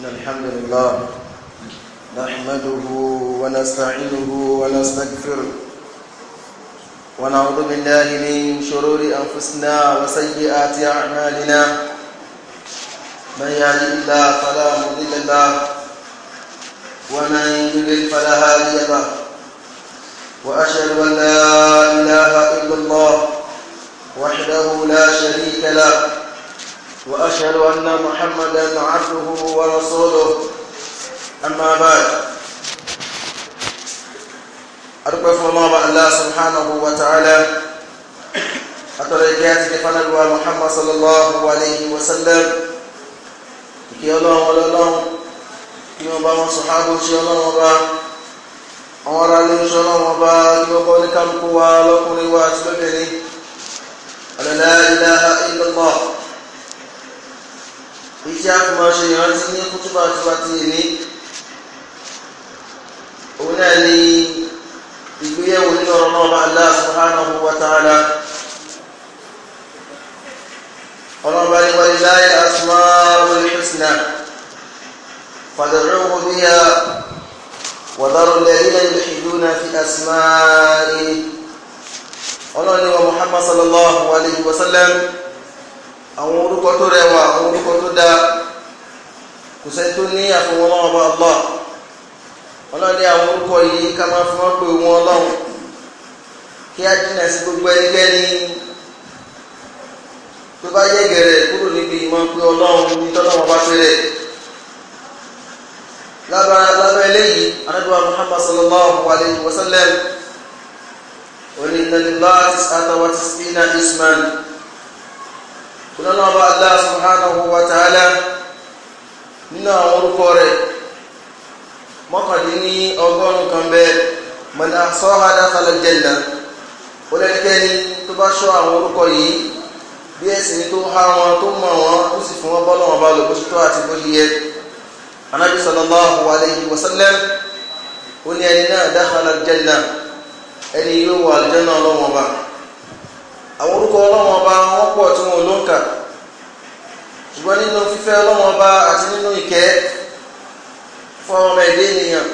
إن الحمد لله نحمده ونستعينه ونستغفره ونعوذ بالله من شرور أنفسنا وسيئات أعمالنا من يهد الله فلا مضل له ومن يضلل فلا هادي له وأشهد أن لا إله إلا الله وحده لا شريك له وأشهد أن محمدا عبده ورسوله أما بعد أرقف الله الله سبحانه وتعالى أتركات كفن محمد صلى الله عليه وسلم كي الله ولا الله kí wọ́n bá wọn sọ̀hábó ṣe ọlọ́wọ́n bá àwọn ará ló ń ṣe ọlọ́wọ́n bá kí wọ́n bọ́ ní kálukú wa lọ́kùnrin wa àti lóbìnrin alẹ́lẹ́ ilẹ̀ ilẹ̀ náà láti máa ṣe ìrántí ní kútúbà tó bá ti ní òun náà ni ìgbéyẹ̀wò nínú ọ̀rọ̀ náà Allah subhanahu wa ta'ala ọlọ́ba ni wọ́n láyé asmaul husna fad'uhu biha wa dharu alladhina yulhiduna fi asma'ihi ọlọ́ni wa Muhammad sallallahu alayhi wa sallam àwọn orúkọ tó rẹwà àwọn orúkọ tó dáa kò sẹ́ni tó ní àfọwọ́n ọlọ́run bá lọ́ ọlọ́run ní àwọn orúkọ yìí ká máa fún wọn pé wọn ọlọ́run kí á jìnnà sí gbogbo ẹnikẹ́ni tó bá yẹ gẹ̀rẹ̀ kúrò níbi ìmọ̀ pé ọlọ́run ní tọ́lọ́mọ bá fẹ́rẹ̀ lábára lábẹ́ eléyìí anábíwá muhammad sallallahu alayhi wa sallam onídàlélá àti sàtàwá ti sínà ismail kúnlọ́nà ọba allah subhanahu wa ta'ala nínú àwọn orúkọ rẹ̀ mọ́kàndínní ọgọ́rùn-ún kan bẹ́ẹ̀ mọ̀nà sọ́ha dákàlà jẹ̀nà ó lẹ́nikẹ́ni tó bá ṣọ́ àwọn orúkọ yìí bí ẹ̀sìn tó há wọn tó mọ̀ wọn ó sì fún wọn bọ́ lọ́wọ́ bá lò bó ṣe tó àti bó ṣe yẹ anábì sallallahu alayhi wa sallam ó ní ẹni náà dákàlà jẹ̀nà ẹni yóò wà jẹ́nà ọlọ́wọ́n ọba àwọn orúkọ ọlọ́wọ́n ọba wọ́n pọ̀ tí wọn ò lóǹkà ṣùgbọ́n nínú fífẹ́ ọlọ́wọ́n ọba àti nínú ìkẹ́ fún ọmọ ẹ̀dẹ́ ènìyàn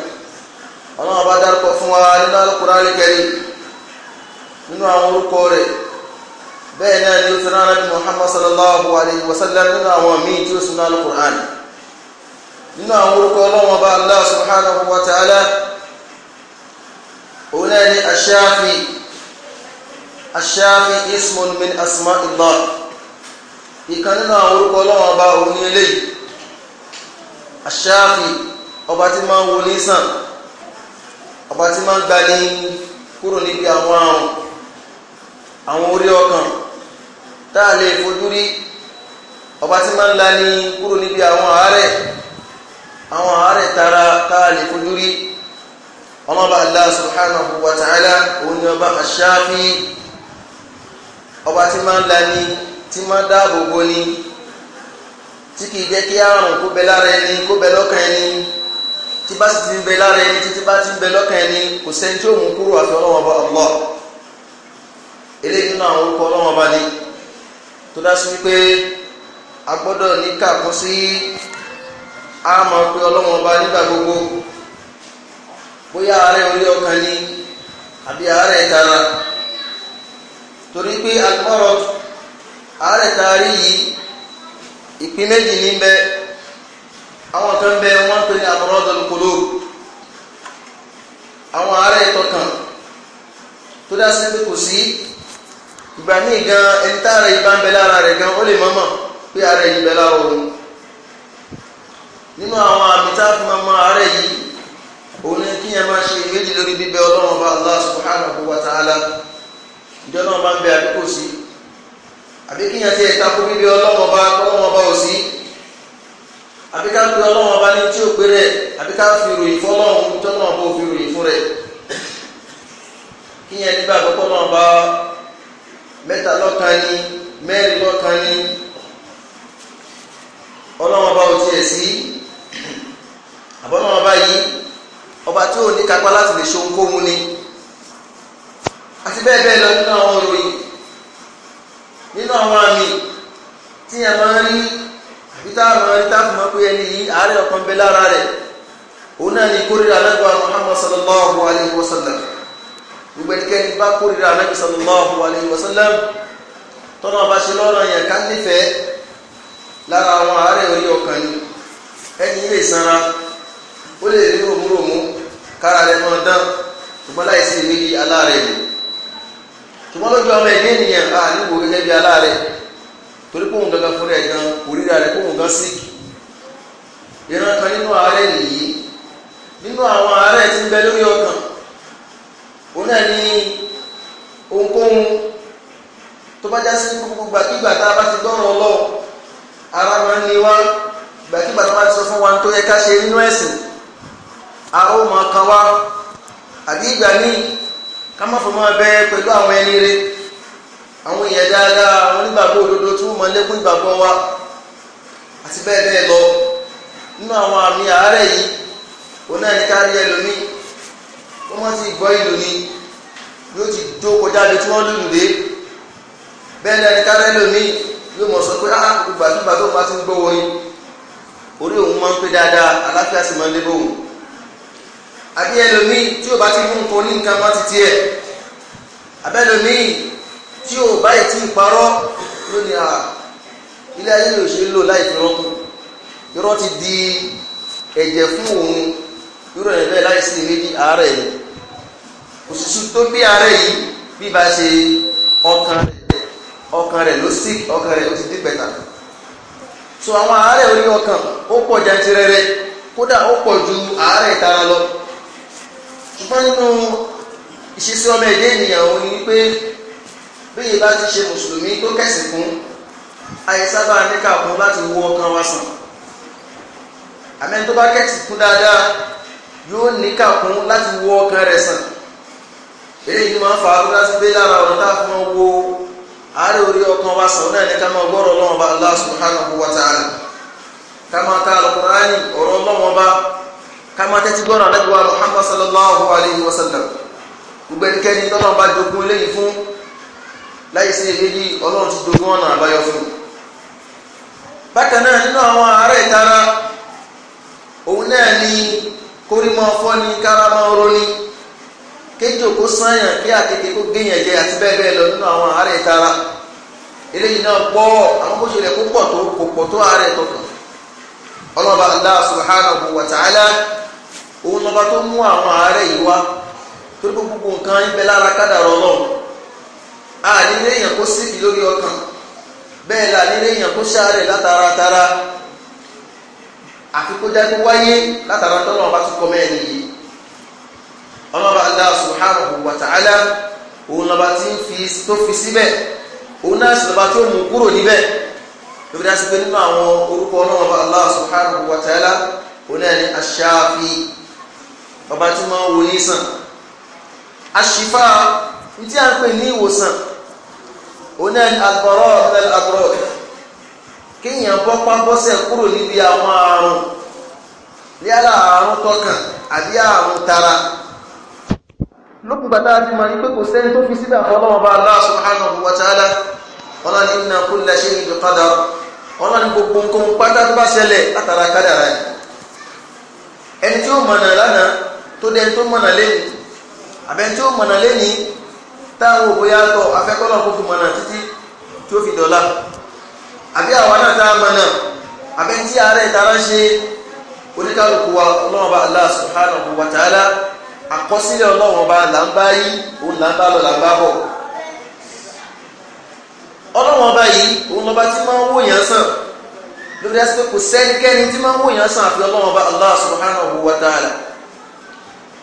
ọlọ́wọ́n ọba dárúkọ fún wa nínú Al-Qur'an Al-Karim nínú àwọn orúkọ rẹ̀ bẹ́ẹ̀ náà ni ó fi rárá bí Muhammad sallallahu alayhi wa sallam nínú àwọn míì tí ó sinú Al-Qur'an nínú àwọn orúkọ ọlọ́wọ́n Allah subhanahu wa ta'ala òun náà ni aṣáfi aṣáfi ismun min asma'illah ìkan nínú àwọn orúkọ ọlọ́wọ́n ọba òun ní eléyìí àṣáàfì ọba tí máa ń wo nísàn ọba tí máa ń gbani kúrò níbi àwọn àrùn àwọn orí ọkàn tá a lè fojú rí ọba tí máa ń lani kúrò níbi àwọn àárẹ̀ àwọn àárẹ̀ tara tá a lè fojú rí ọlọ́ba Allah subhanahu wa ta'ala òun ni ọba àṣáàfì ọba tí máa ń lani. tí ma dáàbò bo ni tí kìí jẹ́ kí àrùn kó bẹ lára ẹni kó bẹ lọ́kàn ẹni tí bá sì ti bẹ lára ẹni títí bá ti ń bẹ lọ́kàn ẹni kò sẹ́ni tí mú kúrò àfi ọlọ́wọ́n bá Allah eléyìí nínú orúkọ ọlọ́wọ́n bá ní tó dá sí wípé a gbọ́dọ̀ ní kàkún sí àmọ́ pé ọlọ́wọ́n bá àárẹ̀ tá a rí yìí ìpín méjì ní bẹ àwọn kan bẹ wọ́n pè ní amradul qulub àwọn àárẹ̀ ìtọkàn tó dá sí pé kò sí ìgbà míì gan ẹni tá àárẹ̀ ìbá ń bẹ lára rẹ̀ gan ó lè mọ̀mọ̀ pé àárẹ̀ yìí bẹ lára òun nínú àwọn àmì tá a fi máa àárẹ̀ yìí òun ni kí yẹn máa ṣe méjì lórí bíbẹ ọlọ́run bá Allah subhanahu wa ta'ala ìjọ náà ń bẹ àdúgbò sí i àbí kíyàn ti ẹ̀ta kó bíbí ọlọ́wọ́n bá ọlọ́wọ́n bá ò sí àbí ká pe ọlọ́wọ́n bá ní tí ò pé rẹ̀ àbí ká fi ròyìn fún ọlọ́run tó náà bó fi ròyìn fún rẹ̀ kíyàn nígbà àkọ́kọ́ náà bá mẹ́ta lọ́kan ní mẹ́rin lọ́kan ní ọlọ́wọ́n ò tiẹ̀ sí àbọ̀lọ́wọ́n bá yìí ọba tí ò ní kápá láti lè ṣohunkóhun ni àti bẹ́ẹ̀ bẹ́ẹ̀ lọ nínú àwọn àwọn àmì tí a máa rí àbí tá a máa rí tá a fi máa pé ẹni yìí àárẹ̀ ọ̀kan bẹ lára rẹ̀ òun náà ni kórìíra anágbà Muhammad sallallahu alayhi wa sallam gbogbo ẹnikẹ́ni bá kórìíra anágbà sallallahu alayhi wa sallam tọ́nà bá ṣe lọ́rọ̀ yẹn ká nífẹ̀ẹ́ lára àwọn àárẹ̀ orí ọkàn ni ẹni lè sanra ó lè rí òmúròmú kára rẹ̀ mọ́ dán ṣùgbọ́n láìsí ìrírí aláàrẹ̀ yìí ṣùgbọ́n lójú ọmọ ẹ̀dẹ́ ènìyàn a níwò gẹ́gẹ́ bí aláàrẹ̀ torí pòun gangan fún rẹ̀ gan òrìrà rẹ̀ pòun gan sí ìran kan nínú ààrẹ nìyí nínú àwọn ààrẹ tí ń bẹ lórí ọkàn òun náà ní ohunkóhun tó bá já sí gbogbo gbàkígbà tá a bá ti dọ́rọ̀ ọlọ́wọ́ ara máa ń ní wá gbàkígbà tó bá ti sọ fún wa tó yẹ ká ṣe nínú ẹ̀sìn ara ó máa kan wá àbí ìgbà míì ká má fọmọ abẹ pẹ̀lú àwọn ẹni rẹ àwọn èèyàn dáadáa àwọn onígbàgbọ́ òdodo tí wọ́n mọ lẹ́kún ìgbàgbọ́ wa àti bẹ́ẹ̀ bẹ́ẹ̀ lọ nínú àwọn àmì àárẹ̀ yìí òun náà ní ká ẹlòmíì wọ́n má ti gbọ́ ìlú ni yóò ti dó kọjá lé tí wọ́n lùlù dé bẹ́ẹ̀ náà ní ká rẹ́ lòmíì yóò mọ̀ sọ pé á gbàgbà tó bá ti ń gbọ́ orin orí òun máa ń pé dáadáa aláfíà sì máa ń dé bóun àbí ẹlòmíì tí ò bá ti fún nǹkan ní nǹkan má ti tiẹ̀ àbẹ́lòmíì tí ò bá ti parọ́ lónìí à ilé ayé ló ṣe lò láì fi rọ́kùn irọ́ ti di ẹ̀jẹ̀ fún òun irọ́ ẹ̀ bẹ́ẹ̀ láì sí méjì àárẹ̀ ni òṣìṣú tó bí àárẹ̀ yìí bí ba ṣe ọkàn rẹ̀ ọkàn rẹ̀ ló sí ọkàn rẹ̀ ó ti di pẹ̀tà so àwọn àárẹ̀ orí ọkàn ó pọ̀ jantirẹrẹ kódà ó pọ̀ ju àárẹ̀ ìtara lọ ṣùgbọ́n nínú ìṣesí ọmọ ẹ̀dẹ́ ènìyàn òun ni wípé bẹ́ẹ̀ bá ti ṣe mùsùlùmí tó kẹ̀sìn kún àìsábà níkà kún láti wọ ọkàn wa sàn àmẹ́ni tó bá kẹ̀sìn kún dáadáa yóò níkà kún láti wọ ọkàn rẹ̀ sàn èyí ni máa ń fa abúlá sí pé lára ọ̀nà tá a fi máa wo àárẹ̀ orí ọkàn wa sàn náà ní ká máa gbọ́rọ̀ Ọlọ́run bá Allah subhanahu wa ta'ala ká máa ka Al-Qur'ani ọ̀rọ̀ Ọlọ́run bá kama máa tẹ́tí gbọ́rọ̀ àdẹ́gbẹ́wà Muhammad sallallahu alayhi wa sallam gbogbo ẹnikẹ́ni tọ́lọ́ bá dogun eléyìí fún láyé sí èyí ọlọ́run ti dogun ọ̀nà àbáyọ fún un bákan náà nínú àwọn ará ìtara òun náà ni kórímọ fọ́ni kárámọ roni kéjò kó sáyàn kí àkekèé kó géyàn jẹ àti bẹ́ẹ̀ bẹ́ẹ̀ lọ nínú àwọn ará ìtara eléyìí náà pọ̀ àwọn bó ṣe kó pọ̀ tó pọ̀ tó wa ta'ala. òun lọba tó mú àwọn ààrẹ yìí wá tó gbogbo gbogbo nǹkan ń bẹ lára kádàrọ Ọlọ́run a nílé èèyàn kó síbi lórí ọkàn bẹ́ẹ̀ la nílé èèyàn kó ṣàárẹ̀ látara tara àfikójá tó wáyé látara tọ́lọ́ ọba tó kọ́ mẹ́rin yìí ọlọ́ba Allah subhanahu wa ta'ala òun lọba tó fi síbẹ̀ òun náà sì lọba tó mú kúrò níbẹ̀ lóbi dá pé nínú àwọn orúkọ ọlọ́ba Allah subhanahu wa ta'ala òun náà ni aṣááfi ọba tí máa ń wo ní sàn àṣìfà tí a ń pè ní ìwòsàn òun náà ni àgbọ̀rọ̀ ọ̀rẹ́ àgbọ̀rọ̀ kéèyàn bọ́pá bọ́sẹ̀ kúrò níbi àwọn àrùn yálà àrùn tọkàn àbí àrùn tara lókùn bàtà àti màá ní pé kò sẹ́ni tó fi síbẹ̀ àfọlọ́wọ́ bá Allah subhanahu wa ta'ala ọlọ́ni inna kulla shay'in bi qadar ọlọ́ni gbogbo nǹkan pátá tó bá ṣẹlẹ̀ látara kádàrá yìí ẹni tí ó mọ̀nà lánàá tó dẹ tó mọ̀nà lẹ́nu àbẹ́ tí ó mọ̀nà lẹ́ni táwọn òbóyá tọ̀ afẹ́kọ́lọ̀ kó fi mọ̀nà títí tí ó fi dọ̀la àbí àwọn náà tá a mọ̀nà àbẹ́ tí ààrẹ ìtara ṣe oníkàlùkù wa ọlọ́run bá Allah subhanahu wa ta'ala àkọsílẹ̀ ọlọ́run bá là ń bá yí òun là ń bá lọ là ń bá bọ̀ ọlọ́run bá yí òun lọ́ba tí máa ń wòyàn sàn lórí ẹsẹ̀ pé kò sẹ́nikẹ́ni tí máa ń wòyàn sàn àfi ọlọ́run bá Allah subhanahu wa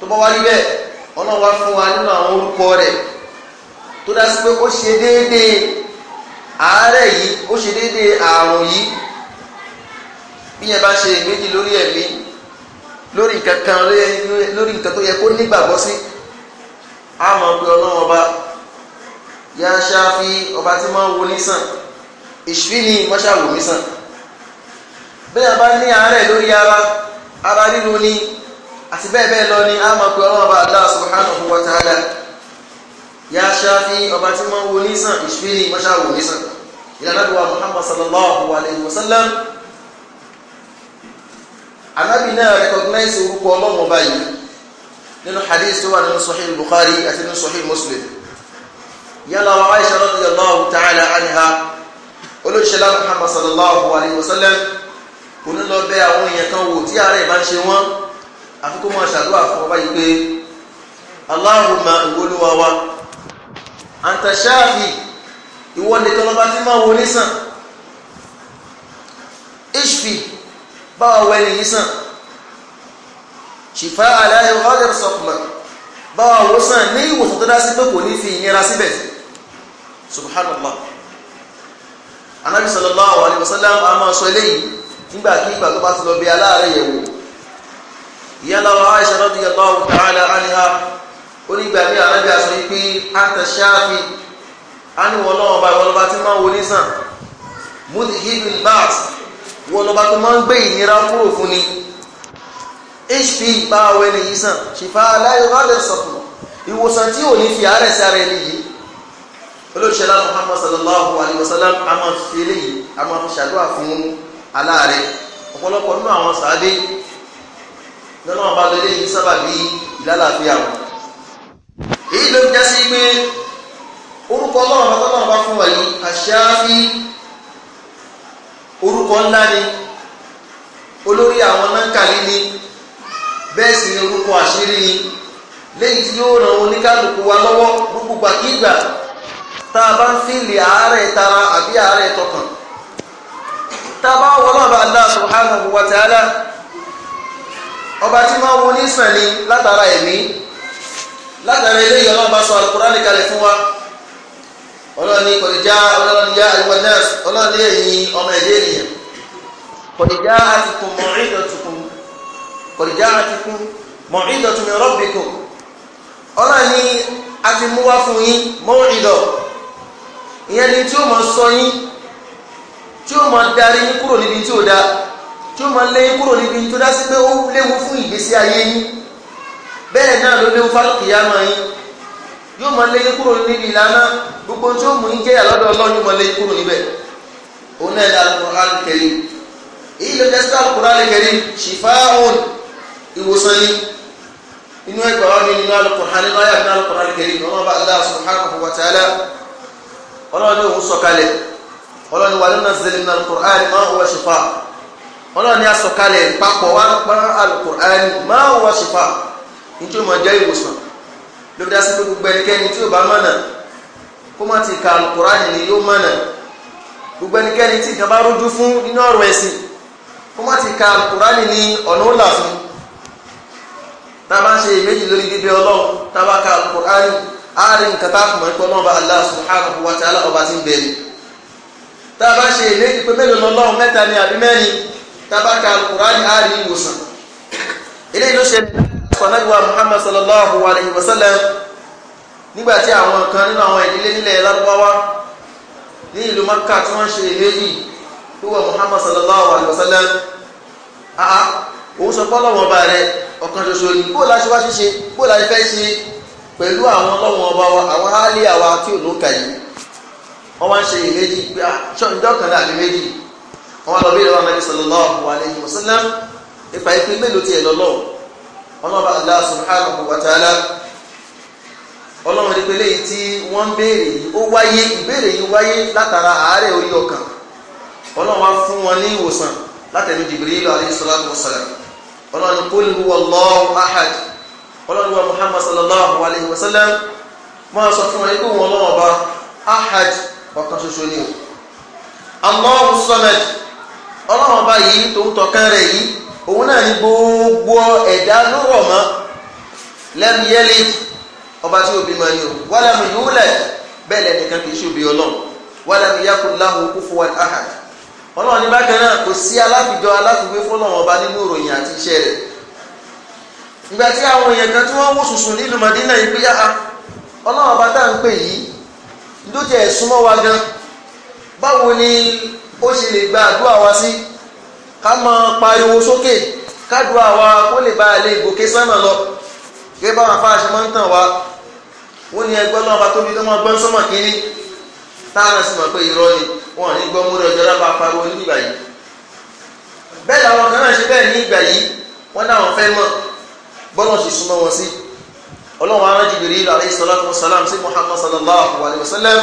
tó bá wá rí bẹ́ẹ̀ ọlọ́run wá fún wa nínú àwọn orúkọ rẹ̀ tó dá sí pé ó ṣe déédéé àárẹ̀ yìí ó ṣe déédéé àrùn yìí bí yẹn bá ṣe èméjì lórí ẹ̀mí lórí nǹkan kan lórí nǹkan tó yẹ kó nígbàgbọ́ sí a mọ̀ pé ọlọ́run ọba yá ṣáfi ọba tí máa wo nísàn ìṣfí ni mọ́ṣáwò nísàn bẹ́ẹ̀ bá ní àárẹ̀ lórí ara ara ríro ni àti bẹ́ẹ̀ bẹ́ẹ̀ lọ ni a máa pe ọlọ́run ọba Allah subhanahu wa ta'ala ya ṣáfi ọba tí wọ́n wo nísàn ìṣúlẹ̀ wọ́n ṣáà wò nísàn ìlànàbíwá Muhammad sallallahu alayhi wa sallam anábì náà recognize orúkọ ọlọ́run ọba yìí nínú hadith tó wà nínú sahih Bukhari àti nínú sahih Muslim yálà wa Aisha radiyallahu ta'ala anha olóṣèlá Muhammad sallallahu alayhi wa sallam kò ní lọ bẹ àwọn èèyàn kan wò tí ààrẹ ìbá ń ṣe wọn àfikún máa ṣàdúrà fún ọba yìí pé Allahumma ìwọlúwa wa anta ṣáàfì ìwọ nìkan lọ́ba tí máa wo nísàn ishfi báwa wẹ nìyí sàn ṣìfà aláyọ̀ ọ̀dẹ̀rẹ̀ sọ̀kùnmọ̀ báwa wo sàn ní ìwòsàn tó dá sí pé kò ní fi ìnira síbẹ̀ subhanallah anabi sallallahu alayhi wa sallam a máa sọ eléyìí nígbàkigbà tó bá ti lọ bí aláàárẹ̀ yẹ̀wò ìyálà wa Aisha radiyallahu ta'ala anha onígbàgbé alábí aṣọ yìí pé anta ṣáfi a ní wọn lọ́wọ́ báyìí wọn lọ́ba tí máa ń wọlé sàn mudhibul ba's wọn lọ́ba tó máa ń gbé ìnira kúrò fún ni hp bá awẹ nìyí sàn ṣìfà aláìwálẹ̀ sọ̀kùnà ìwòsàn tí ò ní fi àárẹ̀ sí ara ẹni yìí olóṣèlú muhammad sallallahu alayhi wa sallam a máa fi eléyìí a máa fi ṣàdúrà fún aláàrẹ ọ̀pọ̀lọpọ̀ nínú àwọn sàádé lọ́nà ọba lọ eléyìí sábà bí ìlàlàfíà wọn. èyí ló ń já sí pé orúkọ ọlọ́run bá tọ́lọ́run bá fún wa yìí àṣááfí orúkọ ńlá ni olórí àwọn nánkàlí ni bẹ́ẹ̀ sì ni orúkọ àṣírí ni lẹ́yìn tí yóò ràn oníkálukú wa lọ́wọ́ gbogbogbàkígbà tá a bá ń fìlì àárẹ̀ tara àbí àárẹ̀ tọkàn tá a bá wọlọ́ọ̀bá Allah subhanahu wa ta'ala ọba tí máa wo nísàn ni látara ẹ̀mí látara eléyìí ọlọ́run bá sọ alukurani kalẹ̀ fún wa ọlọ́run ní kọ̀díjà ọlọ́run ní yá àríwá nẹ́ẹ̀sì ọlọ́run ní ẹ̀yìn ọmọ ẹ̀dẹ́ ènìyàn kọ̀díjà àtikùn mọ̀rídọ̀tukùn kọ̀díjà àtikùn mọ̀rídọ̀tun min rabbikum ọlọ́run ní a ti mú wá fún yín mọ̀rídọ̀ ìyẹn ni tí ó máa sọ yín tí ó máa darí kúrò níbi tí ó dáa tí ó máa lé kúrò níbi tó dá sí pé ó léwu fún ìgbésí ayé yín bẹ́ẹ̀ náà ló léwu fálọ́kìyà máa yín yóò máa lé kúrò níbi ìlànà gbogbo tí ó mú yín jẹ́yà lọ́dọ̀ ọlọ́run yóò máa lé kúrò níbẹ̀ òun náà ní Al-Qur'an Al-Karim èyí ló jẹ́sí Al-Qur'an Al-Karim shifaa'un ìwòsàn yín inú ẹgbẹ́ wa mi nínú al nínú ayé àti Al-Qur'an Al-Karim ọlọ́run bá Allah subhanahu wa ọlọ́run ní òun sọ̀kalẹ̀ ọlọ́run wà nínú ọlọ́run ní asọ̀kalẹ̀ papọ̀ wá pọ́n alukur'ani máa wọ ṣùfà nítorí ó máa jẹ́ ìwòsàn ló dá sí pé gbogbo ẹnikẹ́ni tí ò bá mọ̀nà kó má ti ka alukur'ani ni yóò mọ̀nà gbogbo ẹnikẹ́ni tí nǹkan bá rújú fún nínú ọ̀rọ̀ ẹ̀sìn kó má ti ka alukur'ani ni ọ̀nà ó là fún tá a bá ń ṣe méjì lórí bíbẹ ọlọ́run tá a bá ka alukur'ani á rí nǹkan tá a fún mọ́ ẹ̀kọ́ náà bá tábàkà alukurani á rí ìwòsàn eléyìí ló ṣe sọ̀nàgbà muhammad sallallahu alayhi wa sallam nígbà tí àwọn kan nínú àwọn ìdílé nílẹ̀ lárúbáwá ní ìlú maka tí wọ́n ṣe èyí tó wà muhammad sallallahu alayhi wa sallam àá òun sọ pé ọlọ́wọ́n ọba rẹ ọ̀kan ṣoṣo ni bó la ṣe wá ṣíṣe bó la fẹ́ ṣe pẹ̀lú àwọn ọlọ́wọ́n ọba wa àwọn áálí àwa tí ò ló ń kà yìí wọ́n wá ń ṣe èyí pé ṣọ́ọ̀dọ́kan náà àbí méjì wọn lọ bí ìlú Ànábì sallallahu alayhi wa sallam ipa ìpín mélòó tiẹ̀ lọ́lọ́ ọlọ́ba Allah subhanahu wa ta'ala ọlọ́run ní pé léyìí tí wọ́n ń béèrè yìí ó wáyé ìbéèrè yìí wáyé látara àárẹ̀ orí ọkàn ọlọ́run wá fún wọn ní ìwòsàn látẹ̀lú Jibril alayhi salatu ọlọ́run qul ọlọ́run ọba yìí tó ń tọkàn rẹ̀ yìí òun náà ní gbogbo ẹ̀dá ló rọ̀ mọ́ lẹ́nu yẹ́lẹ́ ọba tí òbí máa yọ wàlá mi yóò lẹ̀ bẹ́ẹ̀ lẹ́nìkan kì í ṣe òbí ọlọ́run wàlá mi yá láhùn kú fún wa ahad ọlọ́run ní bákan náà kò sí aláfijọ́ aláfiwé fọlọ́run ọba nínú ìròyìn àti iṣẹ́ rẹ̀ ìgbà tí àwọn èèyàn kan tí wọ́n wò sùsùn nílùú Madina yìí pé yáa ọlọ́run ọba tá à ń pè yìí ló jẹ́ ẹ̀sùn mọ́ wa gan báwo ni ó ṣe lè gba àdúrà wa sí ká máa pariwo sókè kádùá wa kó lè bá a lè gòkè sánà lọ kí báwọn afáàṣẹ máa ń tàn wá wọ́n ní ẹgbẹ́ náà bá tóbi tó máa gbọ́n sọ́mọ̀ kínní táwọn sì mọ̀ pé irọ́ ni wọn ò ní gbọ́ múlẹ̀ ọjọ́ lábá pariwo ní ìgbà yìí bẹ́ẹ̀ làwọn kan náà ṣe bẹ́ẹ̀ ní ìgbà yìí wọ́n dáwọn fẹ́ mọ̀ bọ́lọ̀ sì súnmọ́ wọn sí ọlọ́run ará Jibril alayhi salatu wa salam sí Muhammad sallallahu alayhi wa sallam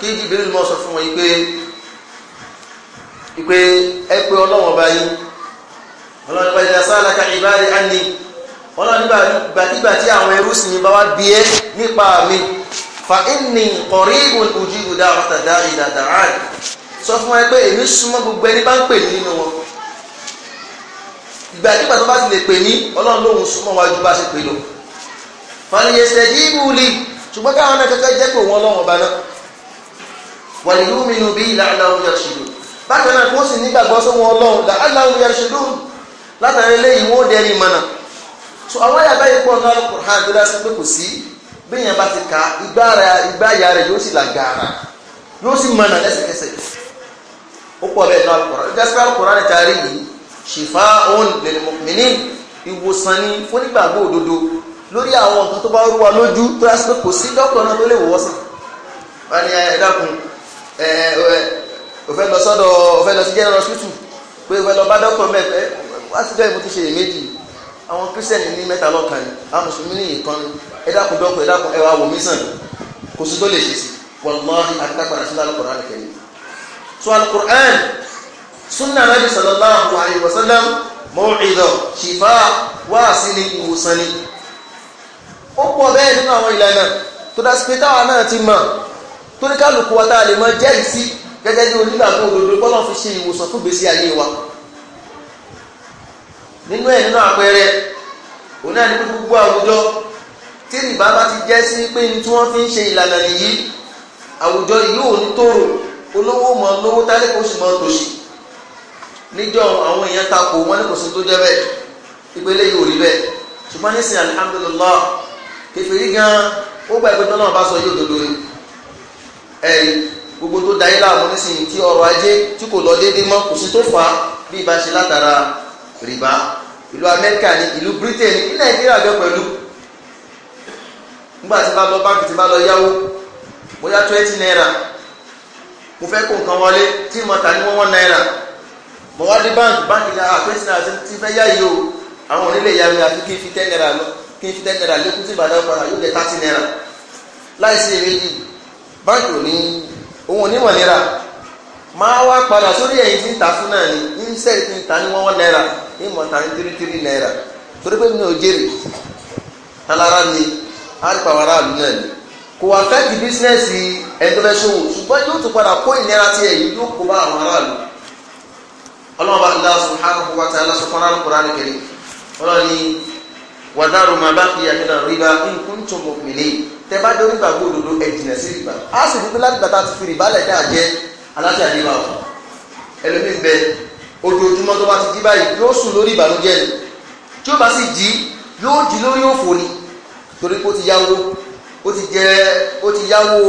kí Jibril mọ̀ sọ fún wọn yìí pé ìpè ẹ pé ọlọ́run ọba yín ọlọ́run ọba ìdásá aláka ìbáre ánì ọlọ́run nígbàkigbà tí àwọn ẹrú sì ní bá wá bí ẹ nípa mi fa inni qaribun ujibu da'wata da'i idha da'an sọ fún wa pé èmi súnmọ́ gbogbo ẹni bá ń pè nínú wọn ìgbàkigbà tó bá ti lè pè ní ọlọ́run lóhun súnmọ́ wájú bá ṣe pè lọ fàlìyèsè jíbùlì ṣùgbọ́n káwọn náà kẹ́kẹ́ jẹ́ pé òun ọlọ́run ọba náà wà ní lómìnú bí ìlànà òun yọ̀ ṣùgbọ́n bákan náà kó sì nígbàgbọ́ sóhun ọlọ́run dà aláwọ̀ yẹn ṣe lóhùn látàrí eléyìí wọn ó dẹrí mọ̀nà so àwọn ayé abáyé pọ̀ náà Al-Qur'an tó dásí pé kò sí bẹ́yìn bá ti ka igbá ìyá rẹ̀ yóò sì làgàrà yóò sì mọ̀nà lẹ́sẹ̀kẹsẹ̀ ó pọ̀ bẹ́ẹ̀ náà Al-Qur'an dásí pé Al-Qur'an ta rí yìí shifa'un lil mu'minin ìwòsàn ni fúnigbàgbọ́ òdodo lórí àwọn nǹkan tó bá rú wa lójú tó dásí pé kò o fẹ́ lọ sọ́dọ̀ o fẹ́ lọ sí general hospital pé o fẹ́ lọ bá dọ́kítọ̀ mẹ́ pé wá sí bẹ́ẹ̀ mo ti ṣe èméjì àwọn kírísítẹ̀nì ní mẹ́ta lọ́kàn ni àwọn mùsùlùmí ní ìkan ni ẹ dákun dọ́kọ̀ ẹ dákun ẹ wá wò mí sàn kò sí tó lè ṣe sí wàlúwàhí àtàkùn àti alukọ̀rọ̀ àlùkẹ́yìn. so alukur'an sunna nabi sallallahu alayhi wa sallam maw'idha shifa wáàsí ni ìwòsàn ni. ó pọ̀ bẹ́ẹ̀ nínú àwọn ìlànà tó dá sí pé táwa náà ti mọ̀ tó ní kálukú wa tá a lè mọ jẹ́rìí sí gẹ́gẹ́ bí onígbàgbọ́ òdodo bọ́lá fi ṣe ìwòsàn fún gbèsè ayé wa nínú ẹ̀ nínú àpẹẹrẹ òun náà nínú gbogbo àwùjọ tí rìbá bá ti jẹ́ sí pé ní tí wọ́n fi ń ṣe ìlànà nìyí àwùjọ yìí ò ní tòrò olówó mọ lówó tálẹ́kọ̀ọ́ sì mọ tòṣì níjọ àwọn èèyàn takò wọn ní kò sí tó jẹ́ bẹ́ẹ̀ ìpele yìí ò rí bẹ́ẹ̀ ṣùgbọ́n nísìnyí alihamudulilayi kẹfìrí gan ó gbà ìpínlẹ̀ náà bá gbogbo tó dayé láàmú nísìnyí tí ọrọ̀ ajé tí kò lọ déédé mọ́ kò sí tó fà á bí ibà ṣe látara rìbá ìlú amẹ́ríkà ní ìlú britain ní nàìjíríà bẹ́ẹ̀ pẹ̀lú nígbà tí bá lọ báńkì tí bá lọ yáwó bóyá twenty naira mo fẹ́ kó nǹkan wọlé tí mo tà ní one naira mo wá dé báńkì báńkì ní àwọn ah, twenty naira ti fẹ́ yá yìí o àwọn onílé ìyá àti ah, kí n fi ten naira lọ kí n fi ten naira lékún tí ìbàdàn padà yóò jẹ thirty naira láì sí èrè yìí báńkì ò ní òun ni nira máa wá padà sórí ẹ̀yìn tí ń ta fún náà ni insect ń ta ní wọ́n náírà ìmọ̀ ta ní tírítírí náírà torí pé mi ò jèrè talára ni àrípa àwọn aráàlú náà ni kò wá fẹ́ di bísínẹ́sì ẹ̀ńtọ́fẹ́sọ̀wò ṣùgbọ́n yóò tún padà kó ìnira tiẹ̀ yìí yóò kó bá àwọn aráàlú ọlọ́ọ̀bá Allah subhanahu wa ta'ala sọ fún aráàlú kúránì kiri ọlọ́ọ̀ni wàdàrú màbá kìí àmì náà rí bá nǹkan tẹ bá dé onígbàgbọ́ òdodo ẹ sí rìbá a sì rí pé láti gbàtà ti fi rìbá lẹ̀ dáa jẹ́ aláṣẹ àdébà o ẹlòmíín bẹ ojoojúmọ́ tó bá ti jí báyìí yóò sùn lórí ìbànújẹ́ ni tí ó bá sì jí yóò jí lórí òfò ni torí pé ó ti yáwó ó ti jẹ ó ti yáwó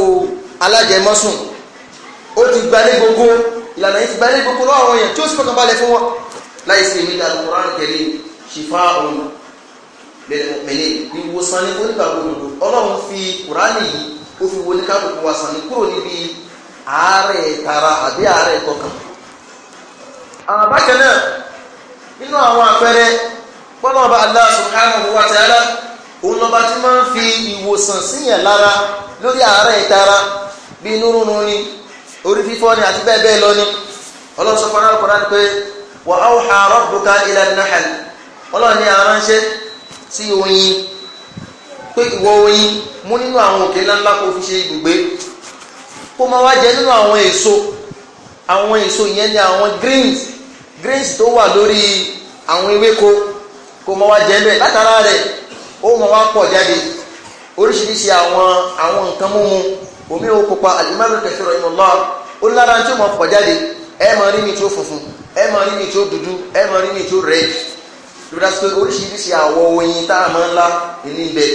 alájẹmọ́sùn ó ti gbalé gbogbo ìlànà yìí ti gbalé gbogbo lọ́wọ́ àwọn èèyàn tí ó sì fọkàn balẹ̀ fún wọn láì sí èmi dàlù kúránù kẹrin ṣìfà òun lẹ́lẹ́mọ̀mẹ́lẹ́ ìwòsàn ní onígbàgbọ́ òdodo ọlọ́run fi kùránì yìí ó fi wo oníkàlùkù wa sàn ní kúrò níbi àárẹ̀ tara àbí àárẹ̀ tọkàn. àbákẹ́ náà nínú àwọn àpẹẹrẹ pọ́nlọ́ba Allah subhanahu wa ta'ala òun lọ́ba tí máa ń fi ìwòsàn síyàn lára lórí àárẹ̀ tara bí inú ni orí fífọ́ ni àti bẹ́ẹ̀ bẹ́ẹ̀ lọ ni ọlọ́run sọ fún arákùnrin pé wa awha rabbuka ila an-nahl ọlọ́run ni àránṣẹ́ sí oyin pé ìwọ oyin mú nínú àwọn òkè ńláńlá kó fi ṣe ibùgbé kó máa wá jẹ nínú àwọn èso àwọn èso yẹn ni àwọn greens greens tó wà lórí àwọn ewéko kó máa wá jẹ bẹ́ẹ̀ látara rẹ̀ ó máa wá pọ̀ jáde oríṣiríṣi àwọn àwọn nǹkan mímu omi ò pupa alimami kẹfìrọ ìmọ̀lá ó lára tí ó máa pọ̀ jáde ẹ máa rí mi tí ó funfun ẹ máa rí mi tí ó dúdú ẹ máa rí mi tí ó rẹ̀ lóra sí pé oríṣiríṣi àwọ̀ oyin tá a máa ń lá ní ibẹ̀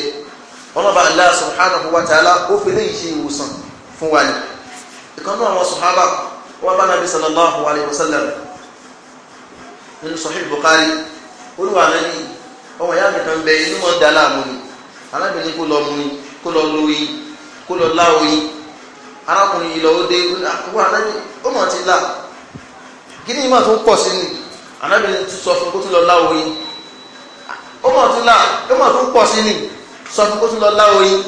ọlọ́ba Allah subhanahu wa ta'ala ó fi léyìí ṣe ìwòsàn fún wa ni ìkan náà àwọn sàhábà wọ́n bá nàbí sallallahu alayhi wa sallam nínú Sahih Bukhari olúwa náà ní ọmọ ìyá mi kan bẹ inú mọ́ ń da ni alábìnrin kó lọ mú ni kó lọ lóyin kó lọ lá oyin arákùnrin yìí lọ ó dé ó ní ah, àkókò là kí ni ìmọ̀ tó ń pọ̀ sí ni ànábì tún sọ fún kó tún lọ láwo yín ó mọ̀ tún là ó mọ̀ tún pọ̀ sí ni sọ fún kó tún lọ láwo yín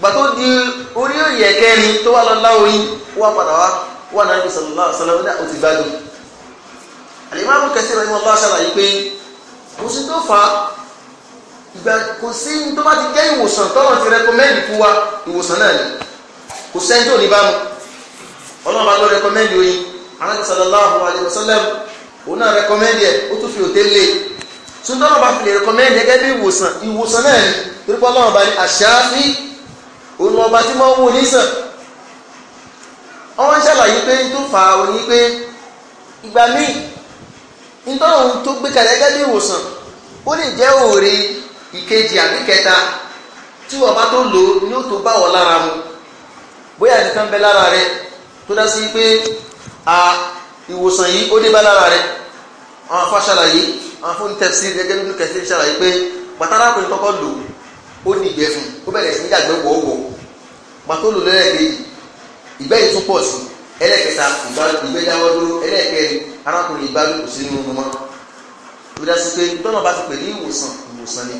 gbà tó di orí òye kẹrin tó wà lọ láwo yín wà padà wá wà náà ibi sọlọ náà sọlọ náà ó ti gbádùn àlèmọ́ àwọn kẹsì rẹ̀ wọ́n bá ṣàlàyé pé kò sí tó fa ìgbà kò sí tó bá ti jẹ́ ìwòsàn tọ́lọ̀ ti rẹ́kọ́mẹ́ndì fún wa ìwòsàn náà ni kò sẹ́ńtò ní bámu ọlọ́run bá ló rẹ́kọ́mẹ́ndì oyin àwọn sallallahu alaihi wasallam òun náà rẹkọmẹ́ndì ẹ̀ ó tún fi òté lé sóńtọ́ náà bá fi lè rẹkọmẹ́ndì gẹ́gẹ́ bí ìwòsàn ìwòsàn náà ni torí pé ọlọ́run bá ní àṣááfí òun lọ́ba tí wọ́n wò nísàn wọ́n ṣàlàyé pé tó fà á òní pé ìgbà míì nítorí òun tó gbé kalẹ̀ gẹ́gẹ́ bí ìwòsàn ó lè jẹ́ òòrè ìkejì àbí kẹta tí wọ́n bá tó lò ó ni ó tó bá wọ́n lára mu bóyá nìkan bẹ lára rẹ tó dá sí pé a ìwòsàn yìí ó dé bá lára rẹ̀ àwọn afá ṣàlàyé àwọn fún tẹ̀sí gẹ́gẹ́ bí kẹ̀sí ṣàlàyé pé pàtàkì ọkùnrin kọ́kọ́ lò ó ní ìgbẹ́ fún ó bẹ̀rẹ̀ sí yàgbẹ́ wọ̀ọ́wọ́ pàtó lò lẹ́ẹ̀kejì ìgbẹ́ yìí tún pọ̀ sí ẹlẹ́ẹ̀kẹta ìgbẹ́ jáwọ́ dúró ẹlẹ́ẹ̀kẹrin arákùnrin ìgbàlù kò sí nínú mọ́ tó dá sí pé tọ́nà bá ti pè ní ìwòsàn ìwòsàn ni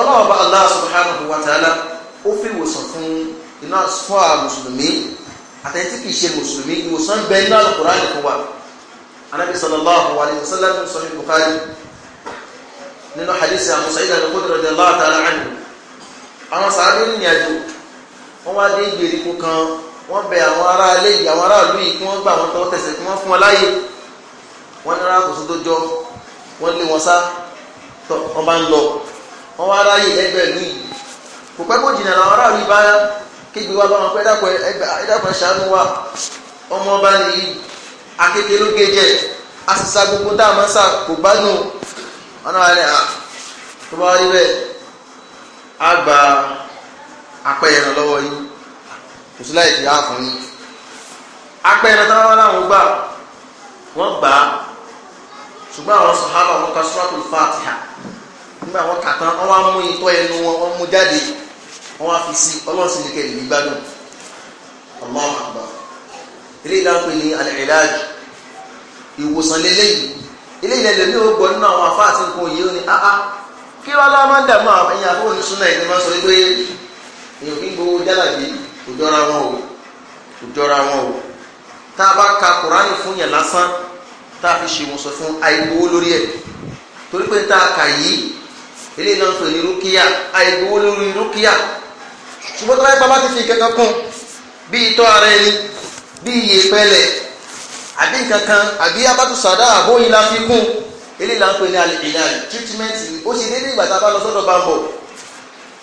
ọlọ́wọ́ bá Allah subhanahu wa ta'ala ó fi ìwòsàn fún iná fún àwọn mùsùlùmí àtẹ̀tí kìí ṣe mùsùlùmí ìwòsàn bẹ nínú Al-Qur'an fún wa anabi sallallahu alayhi wa sallam sọ̀rọ̀ Bukhari nínú hadisi Abu Sa'id al-Khudri radiyallahu ta'ala anhu àwọn sàábé níyàjò wọ́n wá dé ìgbèríko kan wọ́n bẹ àwọn ará ilé yìí àwọn aráàlú yìí kí wọ́n gbà wọ́n tọwọ́ tẹsẹ̀ kí wọ́n fún wọn láàyè wọ́n ní rárá tó jọ wọ́n lé wọn sá wọ́n bá ń lọ wọ́n wá ráyè lẹ́gbẹ̀ẹ́ lù yìí kò pẹ́ kó jìnnà làwọn aráàlú yìí bá kígbe wa báwọn pé ẹ̀dàpọ̀ ẹ̀dàpọ̀ ṣàánú wa ọmọ ọba nìyí akéke ló gé jẹ asisa gbogbo tá a máa sà kò gbádùn wọn náà rẹ tó bá rí bẹ́ẹ̀ á gba apẹ ẹran lọ́wọ́ yìí kò sí láì fi ààfọ yìí apẹ ẹran táwọn wá láwọn gbà wọn gbà á ṣùgbọ́n àwọn sọ̀hábà wọn ka suratul Fatiha nígbà wọn kà tán wọn wá mú itọ́ ẹnu wọn wọn mú jáde wọ́n á fi sí ọlọ́run sì ní kẹ́lì ní gbádùn Allahu Akbar ilé ìdáhùn ní al ìwòsàn lélẹ́yìí ilé ìlẹ̀lẹ̀ ní ó gbọ́ nínú àwọn afá àti nǹkan òye ó ní áá ah, ah, kí wọ́n lọ́wọ́ máa ń dààmú àwọn ẹ̀yìn àbúrò ní súnà ìdí máa sọ wípé èèyàn kí gbowó jálàbí kò jọra wọn o kò jọra wọn o tá a bá ka kùránì fún yẹn lásán tá a fi ṣèwòsàn fún àìgbowó lórí ẹ̀ torí pé tá a kà yìí ilé ìlànà ìrúkìá àìgbowó lórí ìrúkìá ṣùgbọ́n tó bá yẹ pa bá ti fi kankan kún bí itọ́ ara ẹni bí iye pẹ́lẹ̀ àbí kankan àbí abátúsàdá àbóyin la fi kún eléyìí la ń pè ní alìbìnà treatment ó ṣe déédéé ìgbà tá a bá lọ sọ́dọ̀ bambọ̀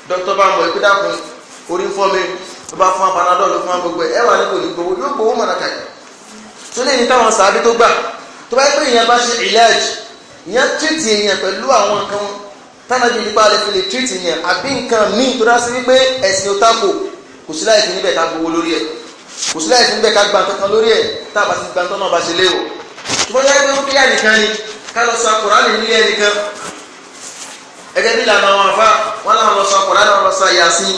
dókítà bambọ̀ ẹ pé dákun orí ń fọ́ mi ló bá fún apanadol ló fún wa gbogbo ẹ ẹ wà ní kò ní gbowó yóò gbowó mọ̀nà kàkì tó lè ní táwọn sàábí tó gbà tó bá yẹ pé ìyẹn bá ṣe ìlẹ́ẹ̀jì ìyẹn treat èèyàn pẹ̀lú àwọn kan wọn tánàbí nípa lè fi lè tírìtì yẹn àbí nǹkan míì tó dá sí wípé ẹ̀sìn òtakò kò sí láì fi níbẹ̀ ká gbowó lórí ẹ̀ kò sí láì fi níbẹ̀ ká gba nǹkan lórí ẹ̀ tá a bá ti gba nǹkan náà bá ṣe léwọ̀ ṣùgbọ́n yá pé rúkìá nìkan ni ká lọ sọ Kùránì ní ilé nìkan ẹgẹ́ bí ìlànà àwọn àfa wọn làwọn lọ sọ Kùránì wọn lọ sọ Yasin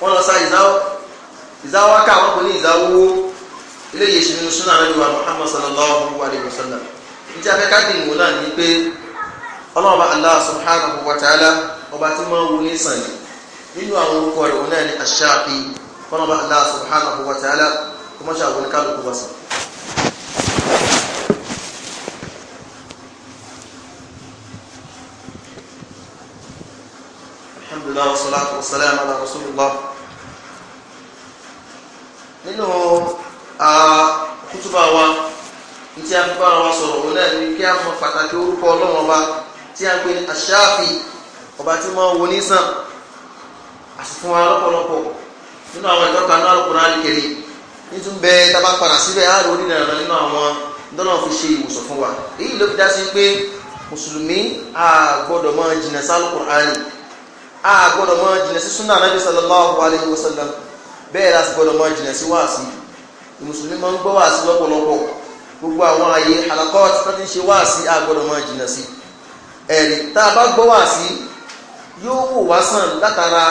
wọn lọ sọ ìzáwáká wọn kò ní ìzáwó eléyìí ṣe nínú súnà ọlọ́run bá Allah subhanahu wa ta'ala ọba tí máa ń wọlé sàn yìí nínú àwọn orúkọ rẹ̀ òun náà ni aṣáàfi ọlọ́run bá Allah subhanahu wa ta'ala kọ́mọ́ṣà wọlé kálukú wá sàn. alhamdulillah wa nínú kútùbà wa ní tí a fi bára wa sọ̀rọ̀ òun náà ni kí a mọ pàtàkì orúkọ ọlọ́run ọba tí a ń pè ní aṣáàfi ọba tí máa ń wo nísàn àti fún wa lọ́pọ̀lọpọ̀ nínú àwọn ìtọ́ka náà lọ́pọ̀ náà kékeré nítorí bẹ́ẹ̀ tá a bá padà síbẹ̀ á rí onídàára nínú àwọn dọ́là fi ṣe ìwòsàn fún wa èyí ló fi dá sí pé mùsùlùmí a gbọ́dọ̀ jìnà sálùkùránì a gbọ́dọ̀ máa jìnà sí súnà anábì sallallahu alayhi wa sallam bẹ́ẹ̀ la sì gbọ́dọ̀ máa jìnà sí wáàsí mùsùlùmí máa ń gbọ́ wáàsí lọ́pọ̀lọpọ̀ gbogbo àwọn ẹ̀rí tá a bá gbọ́ wá sí yóò wò wá sàn látara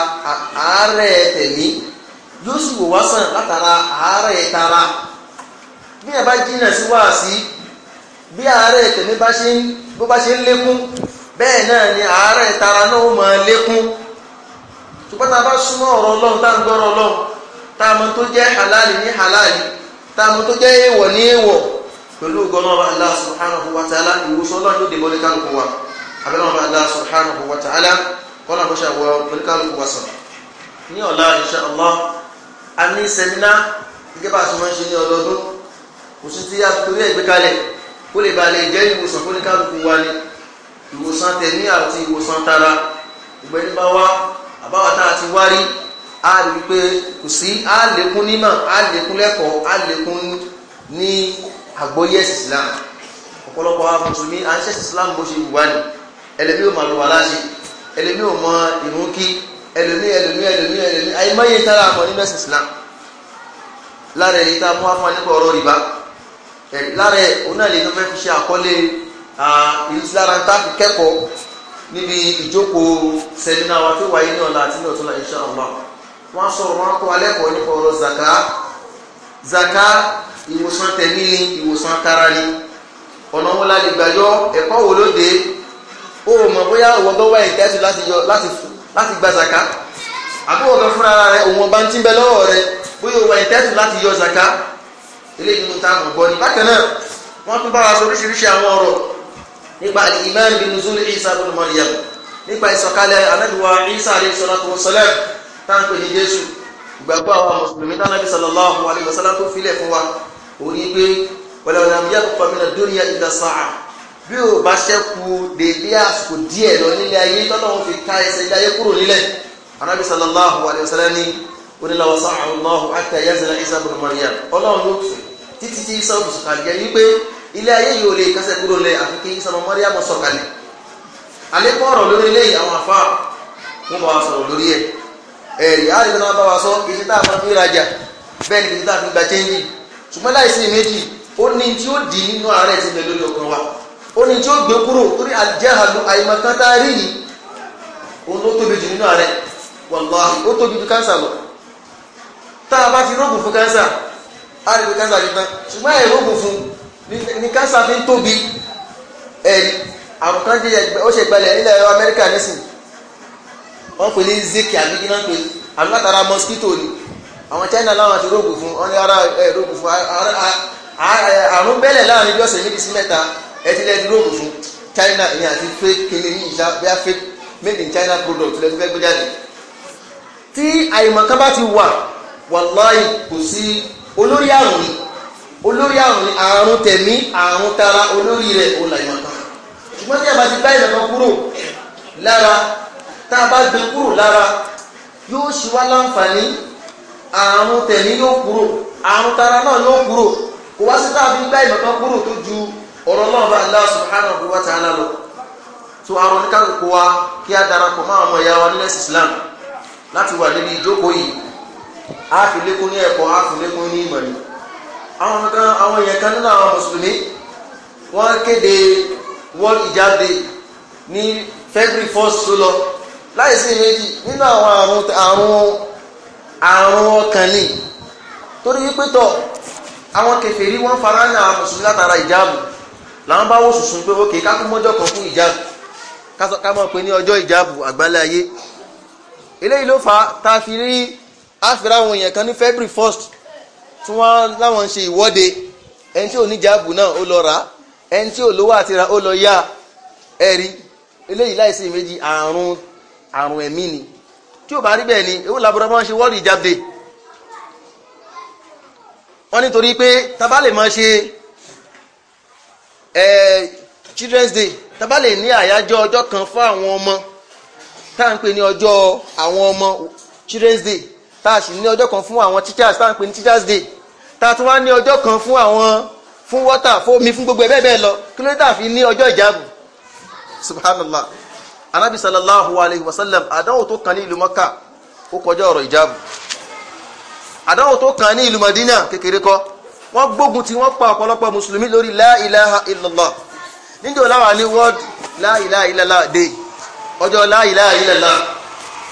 àárẹ̀ tẹ̀mí yóò sì wò wá sàn látara àárẹ̀ tara bí ẹ bá jìnnà sí wá sí bí àárẹ̀ tẹ̀mí bá ṣe ń bó bá ṣe ń lékún bẹ́ẹ̀ náà ni àárẹ̀ tara náà ó máa lékún ṣùgbọ́n tá a bá súnmọ́ ọ̀rọ̀ ọlọ́run tá a ń gbọ́rọ̀ ọlọ́run tá a mọ tó jẹ́ halali ní halali tá a mọ tó jẹ́ èèwọ̀ ní èèwọ̀ pẹ̀lú ọgọ́nà Allah subhanahu wa ta'ala ìwòsàn ọlọ́run ló dé mọ́lẹ́kálùkù wa abẹ́lẹ́ wọn bá Allah subhanahu wa ta'ala kọ́nà kó ṣàwọ oníkàlùkù wa sàn. ní ọ̀la insha Allah a ní sẹ́mínà gẹ́gẹ́ bá a ṣe máa ń ṣe ní ọdọọdún kò sí ti torí ẹ̀ gbé kó lè ba lè jẹ́ ìwòsàn fún wa ní ọ̀pọ̀lọpọ̀ àwọn mùsùlùmí à ń ṣẹ̀sìn Islam bó ṣe wù wá ẹlẹ́mí ò máa lò wá láṣẹ ẹlẹ́mí ò mọ ìrún kí ẹlẹ́mí ẹlẹ́mí ẹlẹ́mí ẹlẹ́mí àyèmáyé tára àmọ́ nínú ẹ̀sìn Islam lára èyí tá a mú afọ nípa ọ̀rọ̀ rìbá lára òun náà lè tó fẹ́ fi ṣe àkọlé ìlúsílára tá a fi kẹ́kọ̀ọ́ níbi ìjókòó sẹ́mínà wa tó wáyé ní ọ̀la àti ní ọ̀túnla insha Allah wọ́n sọ̀rọ̀ wọn kọ́ alẹ́kọ̀ọ́ nípa ọ̀rọ̀ zaka zaka ìwòsàn tẹ̀mí ni ìwòsàn kára ni ọ̀nà wọn la lè gbàyọ ẹ̀kọ́ wo ló dé o mọ̀ bóyá ìwọ́gán wá ìtẹ́sù láti yọ láti gba zaka àbúrò kan fúnra rẹ òun ọba ń tí ń bẹ lọ́wọ́ rẹ bóyá òun wá ìtẹ́sù láti yọ zaka eléyìí ló ta mọ̀ gbọ́ ni bákan náà wọ́n tún bá wa sọ oríṣiríṣi àwọn ọ̀rọ̀ nípa al-iman bi nuzul Isa ibn Maryam nípa ìsọ̀kalẹ̀ anábìwá Isa alayhi salatu wa salam táǹpẹ̀ ní Jésù ìgbàgbọ́ àwọn mùsùlùmí tánàbí sallallahu alayhi wa sallam tó filẹ̀ fún wa òun pé wàlẹ̀ wàlẹ̀ àmì yàtọ̀ pàmìnà dunya illa bí o bá ṣẹ́kù délé àsìkò díẹ̀ lọ nílé ayé tọ́lọ́wọ́ fi ká ẹsẹ̀ ilé ayé kúrò nílẹ̀ anábì sallallahu alayhi wa sallam ní onílàwọ̀ sàrànlọ́hùn àti ayézẹ̀lá isa bin Maryam ọlọ́run yóò fẹ́ títí tí isa bin sọ̀kalẹ̀ yẹn wípé ilé ayé yóò lè kásẹ̀ kúrò lẹ̀ àfi kí isa bin Maryam sọ̀kalẹ̀ alẹ́kọ̀ ọ̀rọ̀ lórí ilé àwọn afá wọn bá wa sọ̀rọ̀ lórí ẹ̀ ẹ̀rí àríwá náà bá wa sọ kìí tá a máa fi rajà bẹ́ẹ̀ ni kìí tá a fi gba chẹ́ńjì ṣùgbọ́n láìsí méjì ó ní tí ó dì nínú ààrẹ ti bẹ̀ lórí ọkàn wa ó ní tí ó gbé kúrò torí àjẹhàlú àìmọ̀kátá rí yìí òun ló tóbi jù nínú ààrẹ wàláhì ó tóbi ju kánsà lọ tá a bá ti rògùn fún kánsà á rí pé kánsà yìí tán ṣùgbọ́n ẹ̀ rògùn fún ni kánsà fi ń tóbi ẹ̀rí àrùn kan jẹ́ ó ṣe gbalẹ̀ nílẹ̀ ẹ̀rọ amẹ́ríkà nísìn wọ́n pè ní zeke àbí kí náà pè àbí látara mosquito ni àwọn china láwọn ti rògùn fún wọn ní ara ẹ̀ rògùn fún àrùn bẹ́lẹ̀ láàrin bí ọ̀sẹ̀ méjì sí mẹ́ta ẹ ti lẹ róòmù fún China ìyẹn àti fake kele ní ìṣá bíá fake made in China product lẹ ti fẹ́ gbé jáde tí àyèmọ̀ká bá ti wà wàláì kò sí olórí àrùn ni olórí àrùn ni àrùn tẹ̀mí àrùn tara olórí rẹ̀ òun àyèmọ̀ká ṣùgbọ́n tí a bá ti gbá ìdàgbọ́ kúrò lára tá a bá gbé kúrò lára yóò ṣe wá láǹfààní àrùn tẹ̀mí yóò kúrò àrùn tara náà yóò kúrò kò wá sí tá a fi gbá ìdàgbọ́ kúrò tó ju ọ̀rọ̀ náà bá Allah subhanahu wa ta'ala lọ tó àwọn oníkàlùkù wa kí á darapọ̀ mọ́ àwọn ọmọ ìyá wa nílẹ̀ Islam láti wà níbi ìjókòó yìí á fi lékún ní ẹ̀kọ́ á fi lékún ní ìmọ̀ ni àwọn kan àwọn èèyàn kan nínú àwọn mùsùlùmí wọ́n kéde world hijab ní February 1 tó lọ láì sí méjì nínú àwọn àrùn àrùn àrùn ọkàn ni torí wípé tọ àwọn kèfèrí wọ́n fara ní àwọn mùsùlùmí látara ìjáàbù làwọn bá wò sùsùn pé ókè ká kú mọ́jọ́ kan fún ìjáàbù ká mọ̀ pé ní ọjọ́ ìjáàbù àgbálẹ̀ ayé eléyìí ló fà á fi rí àfẹ́rẹ́ àwọn èèyàn kan ní February first st tí wọ́n láwọn ń ṣe ìwọ́de ẹni tí ò ní ìjáàbù náà ó lọ rà á ẹni tí ò lówó àti ra ó lọ yá ẹ̀rí eléyìí láìsí ìméjì àrùn àrùn ẹ̀mí ni tí ò bá rí bẹ́ẹ̀ ni ewu làbúrò máa ń ṣe wọ́ọ̀lù ìjáde wọ́n nítorí pé tabalè máa ṣe eh, children's day tábà lè ní àyájọ́ ọjọ́ kan fún àwọn ọmọ tá à ń pè ní ọjọ́ àwọn ọmọ children's day tá a sì ní ọjọ́ kan fún àwọn teachers tá à ń pè ní teachers day tá a tún wá ní ọjọ́ kan fún àwọn fún wọta fún omi fún gbogbo ẹ̀ bẹ́ẹ̀ bẹ́ẹ̀ lọ kí ló dé tà fi ní ọjọ́ ìjáàbù subhanallah anabi sallallahu alayhi wa sallam àdánwò tó kàn ní ìlú maka ó kọjá ọ̀rọ̀ ìjáàbù àdánwò tó kàn ní ìlú madina kékeré kọ́ wọ́n gbógun ti wọ́n pa ọ̀pọ̀lọpọ̀ mùsùlùmí lórí la ilaha illallah níjọ́ láwà ní world la ilaha illallah day ọjọ́ la ilaha illallah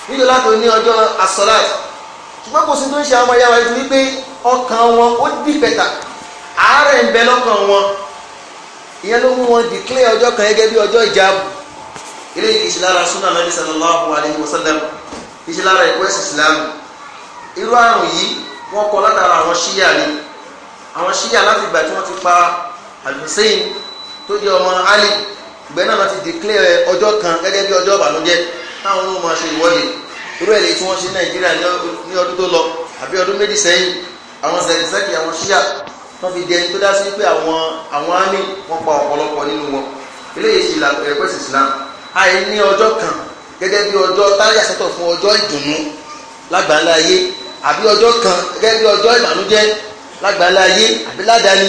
níjọ́ láti ní ọjọ́ asọ́láì ṣùgbọ́n kò sí tó ń ṣe àwọn ayáwa ètò wípé ọkàn wọn ó dì pẹ̀tà àárẹ̀ ń bẹ lọ́kàn wọn ìyẹn ló mú wọn dìklẹ́ ọjọ́ kan gẹ́gẹ́ bí ọjọ́ ìjáàbù ilé ìṣìlára súnà Nabi sallallahu alaihi wasallam ìṣìlára ìkú ẹ̀sìn ìsìlámù irú àrùn yìí wọ́n àwọn ṣíyà láti ìgbà tí wọ́n ti pa Al-Hussein tó jẹ́ ọmọ Ali ìgbẹ́ náà ti declare ọjọ́ kan gẹ́gẹ́ bí ọjọ́ ìbànújẹ́ táwọn olóòmọ ṣe ìwọ́de irú ẹ̀ lè tí wọ́n ṣe ní Nàìjíríà ní ọdún tó lọ àbí ọdún méjì sẹ́yìn àwọn sẹ̀kìsẹ́kì àwọn ṣíyà tó fi di ẹni tó dá sí pé àwọn àwọn àmì wọn pa ọ̀pọ̀lọpọ̀ nínú wọn eléyìí ṣe ìlànà ẹ̀kọ́ Islam àì ní ọjọ́ kan gẹ́gẹ́ bí ọjọ́ táyà sọ́tọ̀ fún ọjọ́ ìdùnnú lágbàńlá ayé àbí ọjọ́ kan gẹ́gẹ́ bí ọjọ́ ìbànújẹ́ lágbàlá ayé àbí ládàáni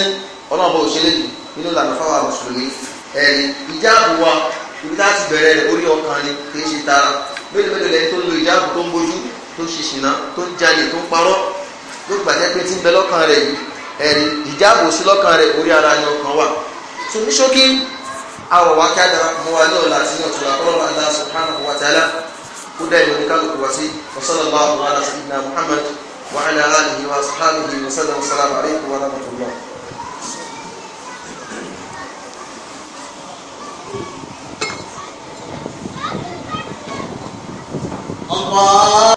ọlọ́run bá òṣèlè yìí nínú ìlànà fáwọn mùsùlùmí ẹ̀rí ìjáàbù wa ibi tá a ti bẹ̀rẹ̀ rẹ̀ orí ọkàn ni kì í ṣe tara mélòó mélòó lẹni tó ń lo ìjáàbù tó ń bójú tó ń ṣe ṣìnà tó ń jalè tó ń parọ́ ló gbàjẹ́ pé tí ń bẹ lọ́kàn rẹ̀ yìí ẹ̀rí ìjáàbù sí lọ́kàn rẹ̀ orí ara ni ọkàn wà tó ṣókí àwọ̀ wa kí á mọ́ wa ní ọ̀la àti ní ọ̀tún وعلى آله وأصحابه وسلم والسلام عليكم ورحمة الله Allah